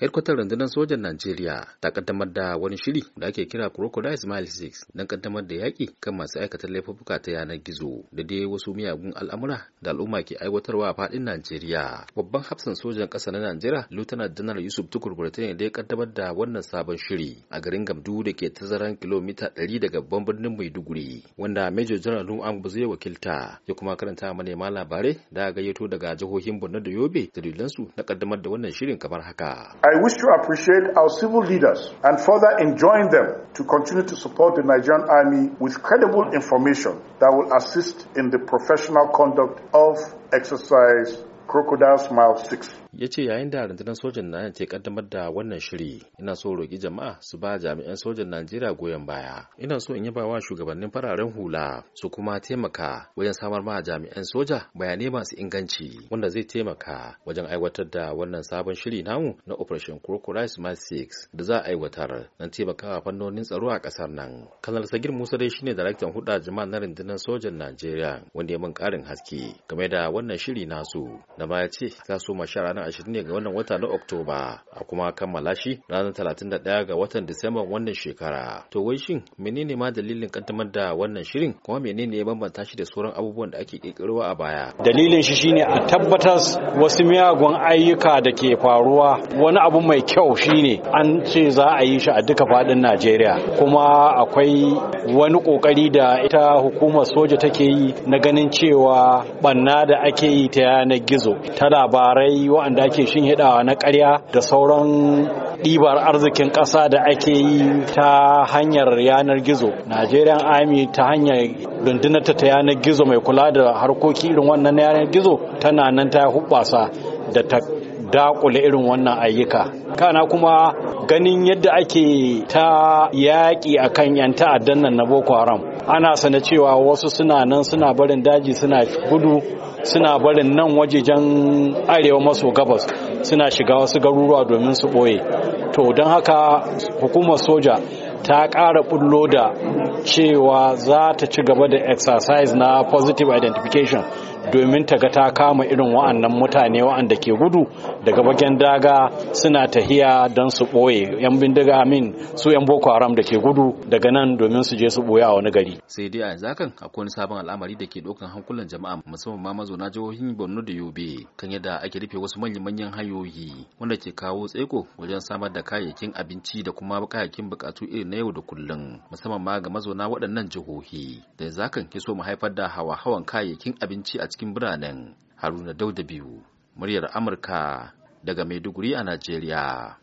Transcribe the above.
Hedkwatar rundunar sojan Najeriya ta kaddamar da wani shiri da ake kira Crocodile Smile 6 don kaddamar da yaƙi kan masu aikata laifuka ta yanar gizo da dai wasu miyagun al'amura da al'umma ke aiwatarwa a faɗin Najeriya. Babban hafsan sojan ƙasa na Najeriya, Lieutenant General Yusuf Tukur Burtani da ya kaddamar da wannan sabon shiri a garin Gamdu da ke tazaran kilomita 100 daga babban birnin Maiduguri, wanda Major General Nu'am zai wakilta ya kuma karanta manema labarai da gayyato daga jihohin Borno da Yobe da dalilansu na kaddamar da wannan shirin kamar haka. I wish to appreciate our civil leaders and further enjoin them to continue to support the Nigerian Army with credible information that will assist in the professional conduct of exercise crocodile's mouth 6 ya ce yayin da rundunar sojan na ke kaddamar da wannan shiri ina so roƙi jama'a su ba jami'an sojan Najeriya goyon baya ina so in yaba wa shugabannin fararen hula su kuma taimaka wajen samar ma jami'an soja bayanai masu inganci wanda zai taimaka wajen aiwatar da wannan sabon shiri namu na Operation Crocodile Smart 6 da za a aiwatar don taimakawa fannonin tsaro a ƙasar nan Kanar Sagir Musa dai shine daraktan huda jama'a na rundunar sojan Najeriya wanda ya min ƙarin haske game da wannan shiri nasu da ma ya ce za su ma sha ranar ashirin ne ga wannan wata na Oktoba a kuma kammala shi ranar daya ga watan Disamba wannan shekara. To wai shin menene ma dalilin kantamar da wannan shirin kuma menene ya bambanta shi da sauran abubuwan da ake kirkirowa a baya? Dalilin shi shine a tabbatar wasu miyagun ayyuka da ke faruwa wani abu mai kyau shine an ce za a yi shi a duka faɗin Najeriya kuma akwai wani kokari da ita hukumar soja take yi na ganin cewa banna da ake yi ta yanar gizo zo ta labarai waɗanda ake hidawa na ƙarya da sauran ɗibar arzikin ƙasa da ake yi ta hanyar yanar gizo nigerian army ta hanyar rundunarta ta yanar gizo mai kula da harkoki irin wannan yanar gizo tana nan ta hubbasa da ta Daƙule irin wannan ayyuka kana kuma ganin yadda ake ta yaƙi akan 'yan ta'addan nan na boko haram ana sana cewa wasu suna nan suna barin daji suna gudu suna barin nan wajejen arewa maso gabas suna shiga wasu garuruwa domin su ɓoye to don haka hukumar soja ta ƙara bullo da cewa za ta ci gaba da exercise na positive identification domin ta ga ta kama irin wa'annan mutane wa'anda ke gudu daga bagen daga suna tahiya don su ɓoye yan bindiga amin su yan boko haram da ke gudu daga nan domin su je su ɓoye a wani gari sai dai a yanzu akwai wani sabon al'amari da ke ɗaukan hankulan jama'a musamman ma mazauna jihohin borno da yobe kan yadda ake rufe wasu manyan hanyoyi wanda ke kawo tsaiko wajen samar da kayayyakin abinci da kuma kayayyakin bukatu irin na yau da kullum musamman ma ga mazauna waɗannan jihohi da za hakan ke so mu haifar da hawa-hawan kayayyakin abinci a cikin biranen haruna dauda biyu muryar amurka daga maiduguri a najeriya